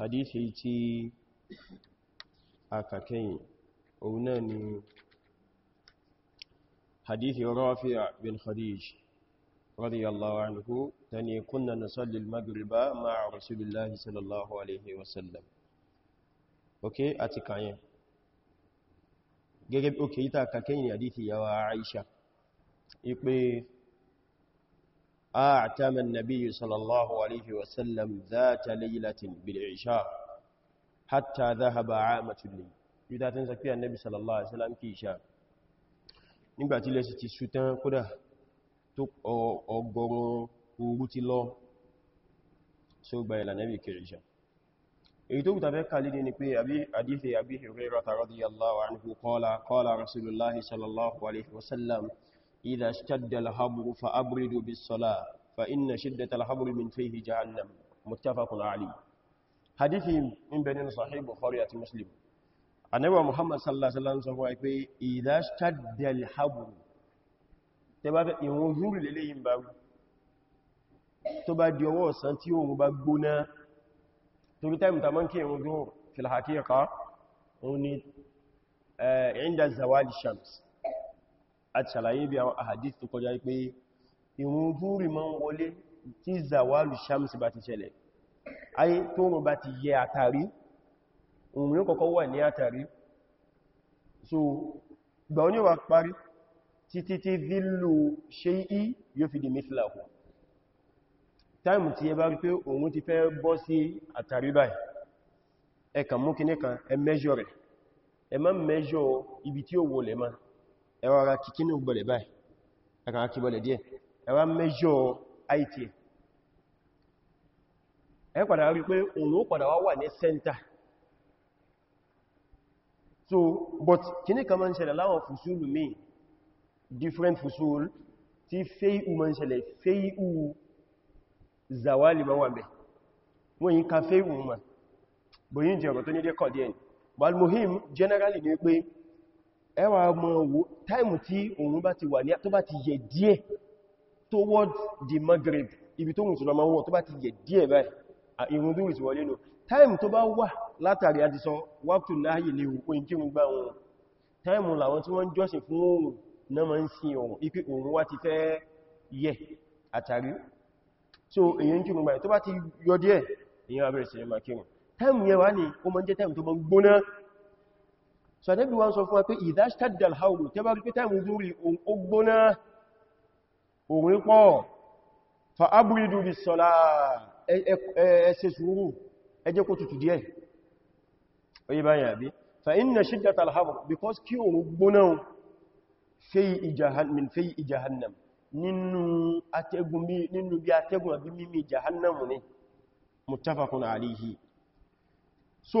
hadithi tí a kàkẹ́yìn òun náà ni hadithi rafi'a bin khadij radiyallahu anhu ta ni kunna nasalli al-maghriba ma'a rasulillahi sallallahu alaihi wasallam ok a ti kàyẹn gẹ́gẹ́ bí ok yíta kàkẹ́yìn hadithi yawa aisha ipe أعتم النبي صلى الله عليه وسلم ذات ليلة بالعشاء حتى ذهب عامة لي إذا تنسك فيها النبي صلى الله عليه وسلم kí ìṣà nígbà tí ilẹ̀ sì ti ṣú tán kódà tó ọgọ́rọ̀ oòrùn ti lọ sí ó gba ìlà nẹ́bì kiri ìṣà èyí tó kùtàfẹ́ kàlídì ni pé àdífẹ́ Abi Hurairah radiyallahu anhu qala qala rasulullahi sallallahu alaihi wasallam إذا اشتد الحبر فأبرد بالصلاة فإن شدة الحبر من فيه جهنم متفق علي حديث من بين صحيح بخاري مسلم النبي محمد صلى الله عليه وسلم sọ pé إذا اشتد الحبر تبقى ينظر zúrù باب تبقى ديوه سنتيوه bá تبقى تبقى تبقى ينظر في الحقيقة gbóná torí tẹ́mù tàbí àti ṣàlàyé bí àwọn ahadith tó kọjá pé ìrun zúrì ma ń wọlé tí zawalu shamsi bá ti ṣẹlẹ̀ ayé tó rùn bá ti yẹ àtàrí òun ní kọ̀kọ́ wà ní àtàrí so gbà ó ní wà parí títí tí villu shay'i yóò fi di mithlahu táìmù tí ẹ bá rí pé òun ti fẹ́ bọ́ sí àtàrí báyìí ẹ ibi tí ó wọlẹ̀ máa ẹwà ara kìkí ní gbọ́lẹ̀ báyìí ara kí bọ́lẹ̀ díẹ̀ ẹwà mẹ́jọ it ẹ padà rí pé òun ó so but kìní kan máa ń ṣẹlẹ̀ láwọn fùsúlù different fùsúlù tí fẹ́ìhù máa ń ṣẹlẹ̀ fẹ́ìhù zawali máa wà bẹ̀ wọ́n yí ka fẹ́ìhù mà bòyí jẹ́ ọ̀rọ̀ tó ní ni but almuhim generally ni pé ẹwà mọ̀ owó táìmù tí òun bá ti wà ní tó bá ti yẹ díẹ̀ towards the Maghreb, ibi tó mùsùlọ ma wọ́n tó bá ti yẹ díẹ̀ báyìí ìrun dúrù wọlé nù táìmù tó bá wà látàrí àdìsọ wákùtù láàyè lè òkú in kí mú gbá wọn táìmù làwọn tí wọ́n jọ́sìn fún oòrùn náà ma ń sin ọ̀run ipi òun wá ti fẹ́ yẹ àtàrí so èyàn kí so anabi wọ́n sọ fún wa pé ìdáṣtàdà alhaulu tẹ́ bá rí pé táìmù zúrí ogbóná òun pọ̀ fa abúrídù bí sọ́lá ẹsẹ sùúrù ẹ jẹ́ tutù díẹ̀ oye báyìí àbí fa inna shiddat alhaulu because kí òun gbóná min fayi jahannam nínú atẹ́gùn bí atẹ́gùn àbí mímí jahannam ni muttafaqun so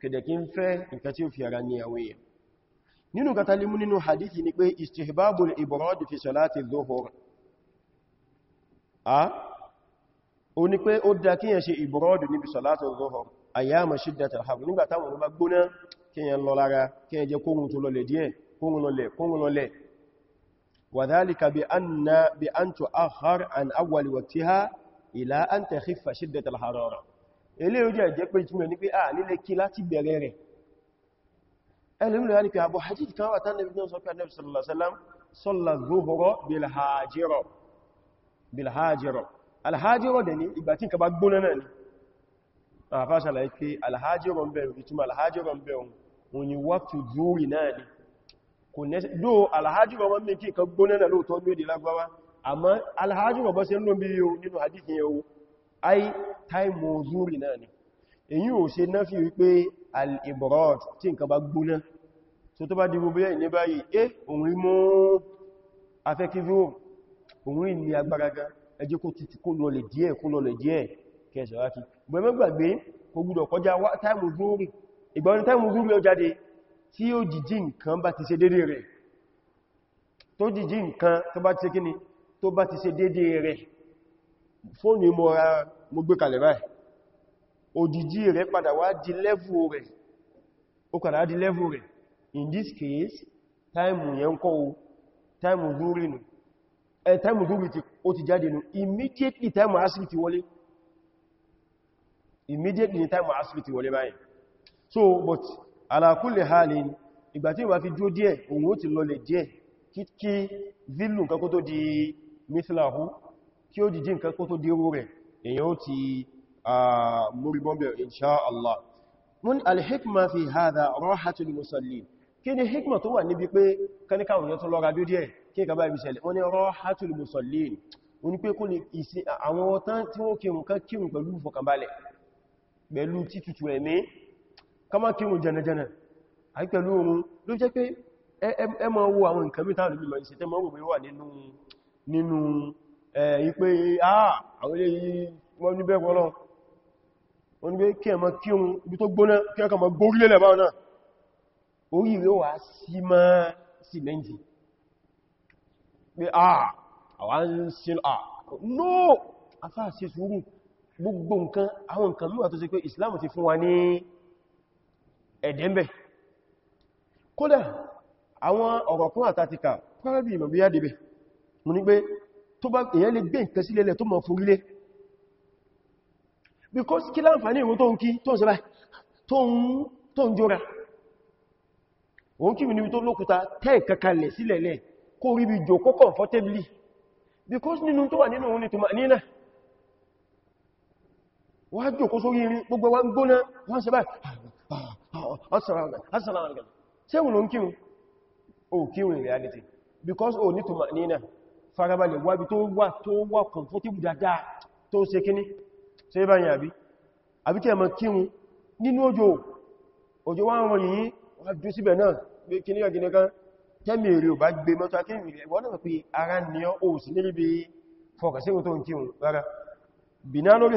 kẹ̀dẹ̀ kí ń fẹ́ nǹkan tí ó fi ara ní àwọn èèyàn nínú kata limu nínú hadithi ni pé istihbabul ibrad fi salati dhuhur a o ni pé ó dá kíyàn ṣe ibrad níbi salati dhuhur ayyama shiddatil harr nígbà táwọn bá gbóná kíyàn lọ lára kíyàn jẹ kóhun tó lọlẹ̀ díẹ̀ kóhun lọlẹ̀ kóhun lọlẹ̀ wa dhalika bi anna an tu'akhkhar an an takhiffa shiddatil harara ilé ojú ẹ̀jẹ́ pé ìtumẹ̀ ní pé à nílé kí láti bẹ̀rẹ̀ rẹ̀ ẹlùmìnira ní pé àbọ̀ hadith kan wà tánàbí náà sọ́kà náà sallallahu alaihi wasallam salla zuhura bilhajira alhajira dẹ̀ ní ìgbà tí nǹkan bá gbóná náà ni a fa ṣàlàyé pé alhajira ń bẹ̀rẹ̀ ìtumẹ̀ alhajira ń bẹ̀rẹ̀ òun ni waqtu zuhuri náà ni kò ní dó alhajira wọn mẹ́ kí nǹkan gbóná náà lóòtọ́ ní èdè ai time mozuri na ni èyí ò ṣe náà fi wípé al-ibrot tí nǹkan bá gbóná so tó bá di gbogbo ní báyìí eh òun rí mú afẹ́kífí òun rí ní agbára gan ẹ jẹ́ kó tutù kó lọlẹ̀ díẹ̀ kó lọlẹ̀ díẹ̀ kẹsàrákì bọ̀ ẹmọ́ gbàgbé kò gbúdọ̀ kọjá táìmù zúúrì ìgbà ní táìmù zúúrì ó jáde tí ó jìjì nǹkan bá ti ṣe dédé rẹ̀ tó jìjì nǹkan tó bá ti ṣe kíni tó bá ti ṣe dédé rẹ̀ fóònù mo ra mo gbé kalẹ̀ báyìí òdìdí rẹ̀ padà wá di lẹ́fù rẹ̀ ó padà di lẹ́fù rẹ̀ in this case táìmù yẹn kọ́ o táìmù gúrì nù ẹ táìmù gúrì tí ó ti jáde nù immediately táìmù asiri ti wọlé immediately táìmù asiri ti wọlé báyìí so but ala kulli halin ìgbà tí wà fi dúó díẹ̀ òun ó ti lọlẹ̀ díẹ̀ kí villu kankan tó di mithlahu kí ó dìjí nǹkan kó tó dérú rẹ̀ èyàn ó ti múrí bọ́m̀bẹ̀ insha Allah mun alhikma fi hadha rahatul musallin kí ni hikma tó wà níbi pé kaníkà òyìn tó lọ́ra bí díẹ̀ kí ka bá ibi ṣẹlẹ̀ wọ́n ni rahatul musallin wọ́n ni pé kó ní ìsí àwọn ọ̀tán tí wọ́n kírun kan kírun pẹ̀lú ẹ máa wo àwọn nǹkan mítà lórí mọ̀ mọ́ wà nínú ipé àwọn ilé yìí wọ́n ní bẹ́ẹ̀ pọ́lọ́ wọ́n ní pé kí ẹmọ kí ohun ibi tó gbóná kí ẹkọ̀ mọ̀ gbórílẹ̀ báwọn náà orí rẹ̀ wà sí mọ́ símẹ́ntì pé àwọn sí no afá sí sùúrù gbogbo nǹkan àwọn nǹkan mìíràn tó ṣe pé Islam ti fún wa ní ẹ̀dẹ́m̀bẹ̀ kódà àwọn ọ̀rọ̀ kún àtàtìkà pẹ́rẹ́bì ìmọ̀ bí yá dìbẹ̀ mo ní pé tó bá èyàn lè gbé nǹkan sílẹ̀ tó mọ̀ forílé because kí láǹfàní ìwò tó ń kí tó ń sẹ́bá tó ń jọra òun kí ní tó lókúta tẹ́ ìkàkalẹ̀ sílẹ̀lẹ̀ kó rí bí jòkó comfortably because nínú tó wà nínú òun ni tó nínà wá jòkó sórí farabalẹ̀ wábi tó wà tó wà comfortable dáadáa tó ṣe kíní ṣe bá yìn àbí àbí kí ẹmọ kírun nínú òjò òjò wá wọn yìí wá jú síbẹ̀ náà pé kíní kan kíní kan tẹ́mì èrè ò bá gbé mọ́tò akírin rẹ̀ wọ́n náà pé ara ní ọ́ ò sí níbi fọkàsíwò tó ń kírun rárá bìná lórí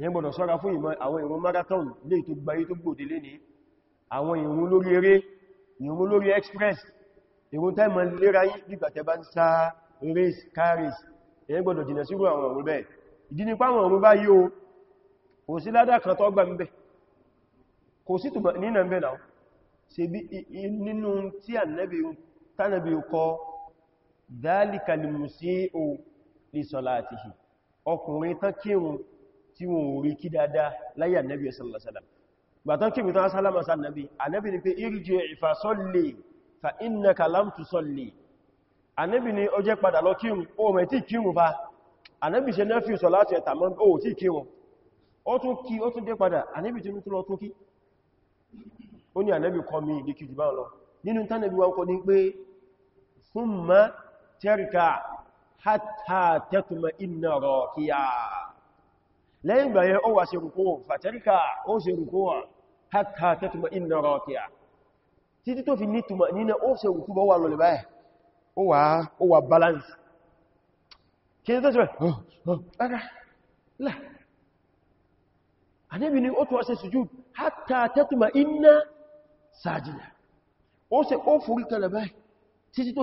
yẹn gbọ́dọ̀ sọ́ra fún ìmọ̀ àwọn ìrun marathon lè tó gbayé tó gbòdè lé ní àwọn ìrun lórí eré ìrun lórí express ìrun tẹ́mọ̀ lera yí gbígbàtẹ̀ bá ń sá race carries yẹn gbọ́dọ̀ jìnà sírò àwọn ọ̀run bẹ́ẹ̀ ìdí ni pàwọn ọ̀run bá yí o kò sí ládà kan tó gbà ń bẹ̀ kò sí tùmọ̀ nínà ń bẹ̀ náà ṣe bí nínú tí ànẹ́bì tánàbì kọ dálìkàlì musí o ìsọ̀lá tí wọ́n orí kí dáadáa láyé annabi sallallahu alaihi wasallam gbàtán kí mìtán sálàmà sá annabi annabi ni pé irji' fa salli fa innaka lam tusalli annabi ni ó jẹ́ padà lọ kírun ó mẹ́ láti ẹ̀ta mọ́ ó tí kírun ó tún kí ó tún jẹ́ padà annabi tí tún lọ tún kí ó ní annabi kọ́ mi ìdíkì jù bá lọ nínú tánàbí wọn kọ́ ní pé thumma tarka hatta tatma'inna rakiya lẹ́yìn ìgbà yẹn ó wá ṣe rùkúwà fàtẹ́ríkà ó ṣe rùkúwà haka tẹ́tùmọ̀ iná rọ̀kíà títí tó fi nítùmọ̀ nínú ó ṣe rùkúwà wà lọ lẹ́bàá ó wà balance kí ní tó ṣe rẹ̀ lẹ́ àníbi ni ó tó ṣe sujud haka tẹ́tùmọ̀ iná sàjìdà ó ṣe ó forí kalẹ̀ báyìí títí tó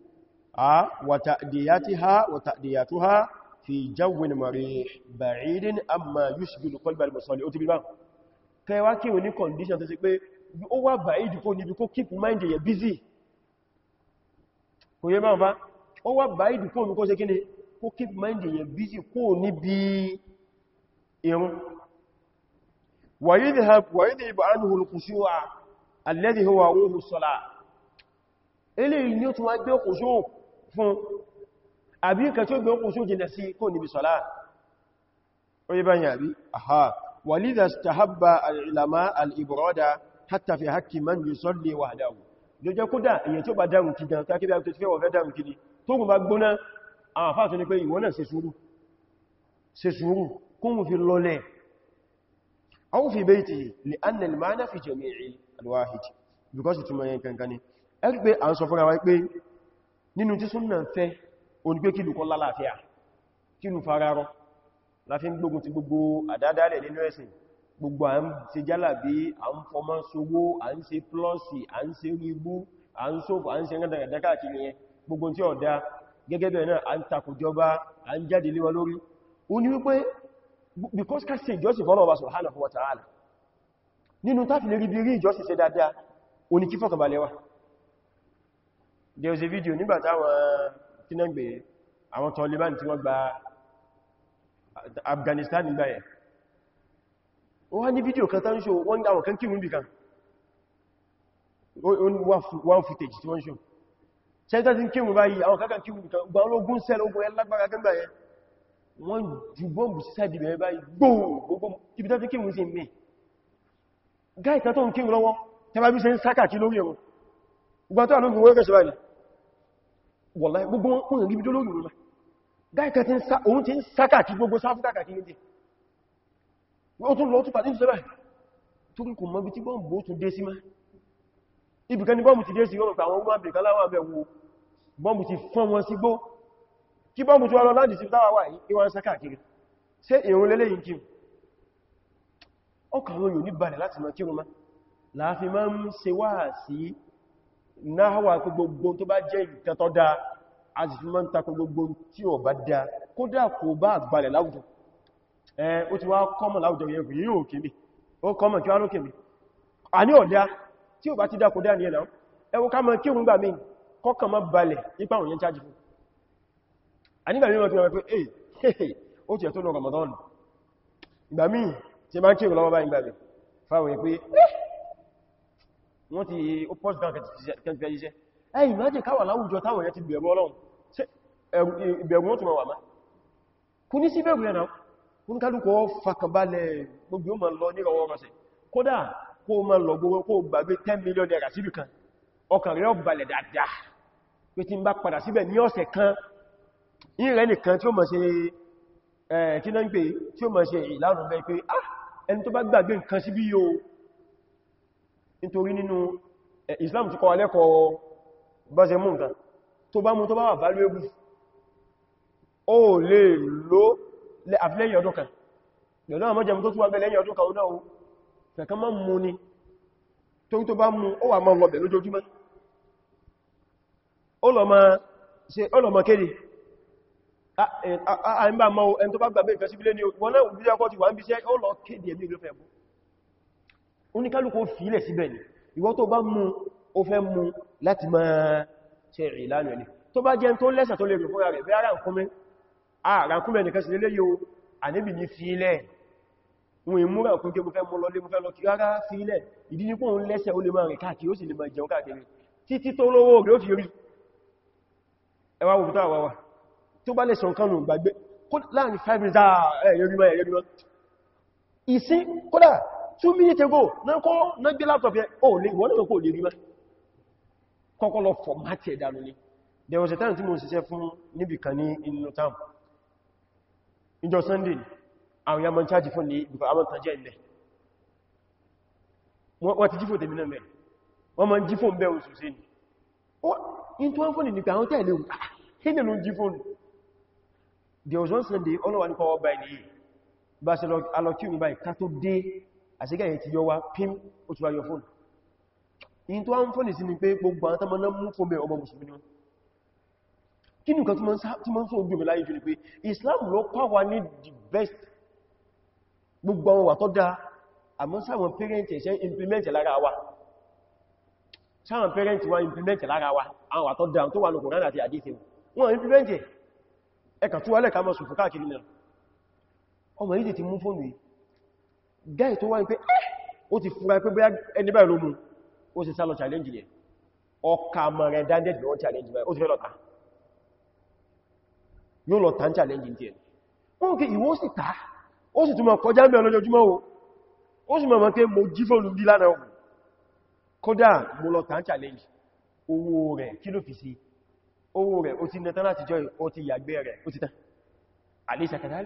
وتأدياتها وتأدياتها في جو مريح بعيد أما يشغل قلب المصلي ó ti bí bá kẹwàá kí wọ́n ní condition tó sì pé ó wà bàídì kó níbi kó keep mind yẹ busy kò yẹ bá bá ó wà bàídì kó níbi kó ṣe kíni kó keep mind yẹ busy kó níbi irun ويذهب ويذهب عنه الخشوع الذي هو روح الصلاة ilé ni ó tún wá gbé kòṣóò fún àbí nǹkan tí ó gbé ọkùn sójìnà sí kò níbi sọ́lá orí bá yàrí àhá wàlídà stahabba al'ilama al'ibroda hatta fi haqqi man yusalli wahdahu ló jẹ́ kódà èyàn tí ó bá dárùn kí gan kákí bí i fẹ́ wọ̀fẹ́ dárùn kí ni tó gùn bá gbóná àwọn àfáà because ìtumọ̀ yẹn kankan ni ẹgbẹ́ à ń sọ nínú tí súnnà fẹ́ onígbé kílù kọ́ lálàáfíà kílù fararọ láti ń gbógun ti gbogbo àdádálẹ̀ nínú ẹ̀sìn gbogbo à ń ṣe jálàbí à ń fọmọ́ sówó à ń ṣe plọ́sì à ń ṣe rígbú à ń sófò à ń ṣe rẹ̀dàrẹ̀dà káàkiri because ká ṣe ìjọsìn fọ́nà ọba subhanahu wa ta'ala nínú táfi lè rí bí rí ìjọsìn ṣe there was a video nígbàtí àwọn kínàgbé àwọn Taliban tí wọ́n gba Afghanistan nígbà yẹn wọ́n ní video kan tán ṣò wọ́n ní àwọn kan kírun bìkan one footage tí wọ́n ṣò ṣẹ́ta tí kírun báyìí àwọn kankan kírun bìkan gba ológun sẹ́lẹ̀ ogun ẹlágbára gẹ́gbà yẹn wọ́n ju bọ́ọ̀bù sísàdì bẹ̀rẹ̀ báyìí gbóògbógbó ibi tó fi kírun sí mẹ́ gáì kan tó ń kírun lọ́wọ́ wọ̀láì gbogbo wọn kún ìrìbí tó lórí ìrìnà gáìkà tí òun ti ń sákà kí gbogbo sáfù kàkà kí méjì wọ́n tún lọ tún pàdé ìṣẹ́bà tó kí kò mọ́ bí tí bọ́m̀bù tún dé sí má ibìkan ni bọ́m̀bù ti dé sí wọ́n pàwọn ọmọ abìrìkà láwọn abẹ́ wo bọ́m̀bù ti fọ́n wọn sí gbó kí bọ́m̀bù tún lọ láti sí táwà wà ìwọ̀n sákà kiri ṣe èrò lélẹ́yìn kí ọkàn wọn yóò ní balẹ̀ láti mọ̀ kírun má láàfin máa ń ṣe wáà sí náhàwà pé gbogbo tó bá jẹ́ nǹkan tó dáa a sì fi mọ́ ń takò gbogbo tí ò bá dáa kódà kò bá àgbàlẹ̀ láwùjọ ẹ̀ ó ti wá kọ́mọ̀ láwùjọ yẹn kò yíò kèmí ó kọ́mọ̀ kí wá ló kèmí a ní ọ̀dá tí ò bá ti dákò dáa ní ẹ̀nà ẹwọ ká mọ́ kírùn gbà míì kọ́kàn mọ́ balẹ̀ nípa òyìn chájì fún ànígbà míì wọ́n fi wọ́n pé èyí ó ti ẹ̀ tó lọ Ramadan ìgbà míì tí ma ń wọ́n ti ó post bank kan fi ẹjíṣẹ́ ẹ̀yìn máa jẹ́ káwà láwùjọ táwọn ẹ̀ ti bẹ̀rù ọlọ́run ìbẹ̀rù wọn tún ma wà má kú ní sí bẹ̀rù ẹ̀nà kún kálùkọ́ fàkànbalẹ̀ gbogbo yóò ma lọ ní ọwọ́ rọ̀sẹ̀ kódà kó ma lọ gbogbo kó gbàgbé 10 million naira síbì kan ọkàn rẹ̀ balẹ̀ dáadáa pé tí ń bá padà síbẹ̀ ní ọ̀sẹ̀ kan ìrẹ́ nìkan tí ó mọ̀ ṣe kí náà ń pè tí ó mọ̀ ṣe ìlànà bẹ́ pé ah ẹni tó bá gbàgbé nǹkan síbí yóò nítorí nínú eh, Islam ti kọ́ alẹ́kọ̀ọ́ bá ṣe mú nǹkan tó bá mú tó bá wà valuable ó lè ló àfilẹ́yìn ọdún kan lọ́dọ́ àwọn mọ́jẹ̀mú tó tún wà bẹ́ lẹ́yìn ọdún kan ó náà kẹ̀kẹ́ mọ́ mú ni torí tó bá mú ó wà ni lọ́bẹ̀ lójoojúmọ́ ó lọ mọ́ kéde àìmbà ah, eh, ah, ah, mọ́ ẹni tó bá gbàgbé ìfẹ́síbílé ni wọ́n náà oníkálùkù fílẹ̀ síbẹ̀ ni ìwọ tó bá mú o fẹ́ mú láti máa ṣe ìlànà ẹni tó bá jẹ́ tó lẹ́sà tó lè rò fúnra rẹ̀ bí ara nkúnmẹ́ ara nkúnmẹ́ nìkan sí lélé yóò àníbì ní fílẹ̀ wọn ìmúra òkúnké mú fẹ́ mú lọlé mú fẹ́ lọ kí rárá fílẹ̀ ìdí ní pòun lẹ́sẹ̀ ó lè máa rìn káàkiri ó sì lè máa jẹun káàkiri títí tó lówó rẹ̀ ó fi rí ẹwà òkúta àwọwà tó bá lẹ́sàn kanù gbàgbé láàrin 5 minutes ààrẹ mọ́ ìsín kódà two minutes ago náà kọ́ náà gbé laptop yẹ oh, o lè wọ́n lè kò lè rí mẹ́ kọ́kọ́ format fọ̀mátì ẹ̀dànù ni there was a time tí mo ṣiṣẹ́ fún níbi kan ní inú town ìjọ sunday àwọn yamon charge fún ní bíkọ̀ àwọn tàn jẹ́ ilẹ̀ wọ́n ti jífò tèmi náà mẹ́ wọ́n ma ń jífò ń bẹ́ oṣù sí ni in tó wọ́n fún ní nípa àwọn tẹ́ẹ̀lẹ́ ohun ah, kíni ló ń jífò ní there was one sunday ọlọ́wà ní kọwọ́ báyìí bá ṣe alọ́kí àṣígáyẹ̀ ti yọ wá pín ó ti wá yọ fóònù in tó wá ń fóònù sí ni pé gbogbo àwọn tánmọ́ náà mú fóònù mẹ́ ọmọ musulmi ni wọ́n kí nìkan tí ma ń fóònù gbèmẹ̀ láyé jù ni pé Islam ló kọ́ wa ní the best gbogbo àwọn wà tó dá àmọ́ sáwọn parents ṣe implement lára wa sáwọn parents wa implement lára wa àwọn wà tó dá tó wà ní Kùránì àti àdífẹ́ wọn ọmọ yìí ti mú fóònù yìí gáì tó wá ní pé eh! ó ti fúra pé bóyá ẹni báyìí ló mú ó sì sálọ challenge yẹn ọkà mọ̀rẹ̀ dandẹ̀ bí wọ́n challenge báyìí ó ti fẹ́ lọ́ta yóò lọ tán challenge ní ẹ̀ wọ́n kí ìwọ́ sì tá ó sì túnmọ̀ kọjá mẹ́ o mo mo lọ taa challenge owo fi ti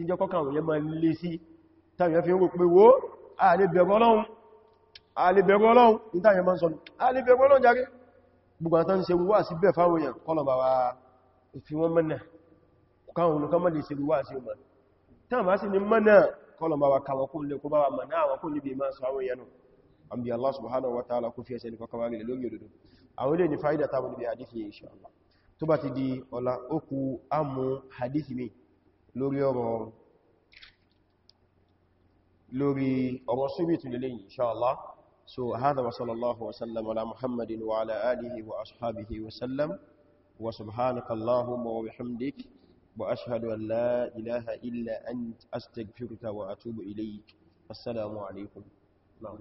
tí jẹ́ kọ́kàn òyẹ́ ma lè sí tàbí ẹ fi ń rò pé wó a lè bẹ̀rọ Ọlọ́run a lè bẹ̀rọ Ọlọ́run ní tàbí ma ń sọ a lè bẹ̀rọ Ọlọ́run járe gbogbo àtàn ṣe wúwà sí bẹ̀ fáwọn èèyàn kọlọ̀bà wa fi wọ́n mẹ́nà káwọn olùkọ́ mọ́ lè ṣe wúwà sí ọmọ tàbí a sì ní mẹ́nà kọlọ̀bà wa kàwọn kún lè kó bá wa mọ̀ná àwọn Allah subhanahu wa ta'ala kó fi ẹsẹ̀ nìkan kọwàá rẹ̀ lórí òdòdó àwọn ilé ní fa'ida tábùn níbi hadithi insha Allah tó bá ti di ọ̀la ó kú ámú mi lórí ọ̀rọ̀ lórí ọ̀rọ̀ síbìtì lè lẹ́yìn inṣáàlá so hada wa sallallahu wa sallam ala muhammadin wa ala alihi wa ashabihi wa sallam wa subhanaka allahumma wa bihamdik wa ashhadu an la ilaha illa ant astaghfiruka wa atubu ilayk assalamu alaikum na'am